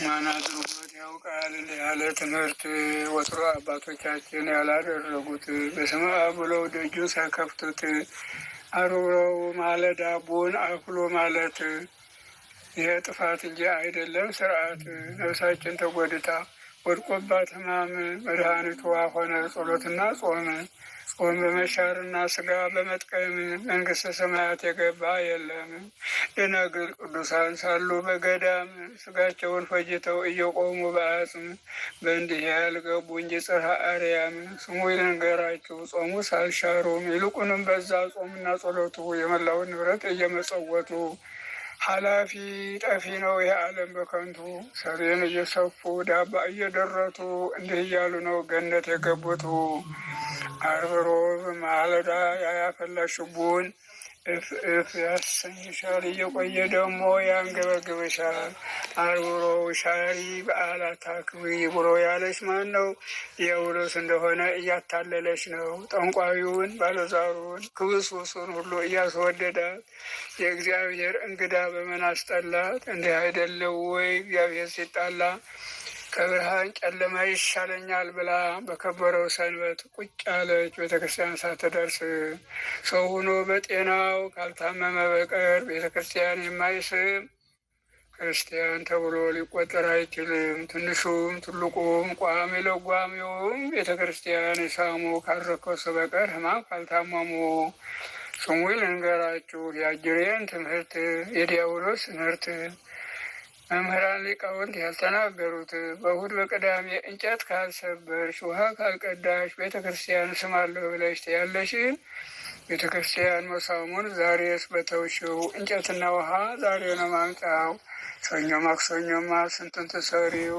ማን አድርጎት ያውቃል ያለ ትምህርት ወትሮ አባቶቻችን ያላደረጉት በስመ አብ ብለው ደጁን ሳይከፍቱት አርብረው ማለዳ ዳቦን አፍሎ ማለት ይሄ ጥፋት እንጂ አይደለም ስርዓት። ነፍሳችን ተጎድታ ወድቆባት ሕማም መድኃኒቷ ሆነ ጸሎትና ጾም ጾም በመሻርና ስጋ በመጥቀም መንግስተ ሰማያት የገባ የለም። ደናግል ቅዱሳን ሳሉ በገዳም ስጋቸውን ፈጅተው እየቆሙ በአጽም በእንዲህ ያልገቡ እንጂ ጽርሐ አርያም ስሙ ይልንገራችሁ ጾሙ ሳልሻሩም ይልቁንም በዛ ጾምና ጸሎቱ የመላውን ንብረት እየመጸወቱ ኃላፊ ጠፊ ነው ይህ ዓለም በከንቱ ሰሬን እየሰፉ ዳባ እየደረቱ እንዲህ እያሉ ነው ገነት የገቡቱ። ዓርብ ሮብ ማለዳ ያፈላሽቡን እፍ እፍ ያሰኝሻል፣ እየቆየ ደግሞ ያንገበግበሻል። ዓርብ ሮብ ሻሪ በዓላት አክብሪ ብሎ ያለሽ ማን ነው? የውሎስ እንደሆነ እያታለለች ነው። ጠንቋዩን፣ ባለዛሩን፣ ክብሱሱን ሁሉ እያስወደዳት የእግዚአብሔር እንግዳ በምን አስጠላት? እንዲህ አይደለው ወይ እግዚአብሔር ሲጣላ ከብርሃን ጨለማ ይሻለኛል ብላ በከበረው ሰንበት ቁጭ ያለች ቤተክርስቲያን ሳትደርስ ሰው ሆኖ በጤናው ካልታመመ በቀር ቤተክርስቲያን የማይስም ክርስቲያን ተብሎ ሊቆጠር አይችልም። ትንሹም ትልቁም ቋሚ ለጓሚውም ቤተክርስቲያን የሳሙ ካልረከሱ በቀር ሕማም ካልታመሙ ስሙ ልንገራችሁ የአጅሬን ትምህርት የዲያብሎስ ትምህርት መምህራን ሊቃውንት ያልተናገሩት በእሑድ በቅዳሜ እንጨት ካልሰበርሽ፣ ውሃ ካልቀዳሽ ቤተ ክርስቲያን ስማለሁ ብለሽ ያለሽን ቤተ ክርስቲያን መሳሙን ዛሬስ በተውሽው እንጨትና ውሃ ዛሬ ነው ማምጣው። ሰኞ ማክሰኞማ ትሰሪው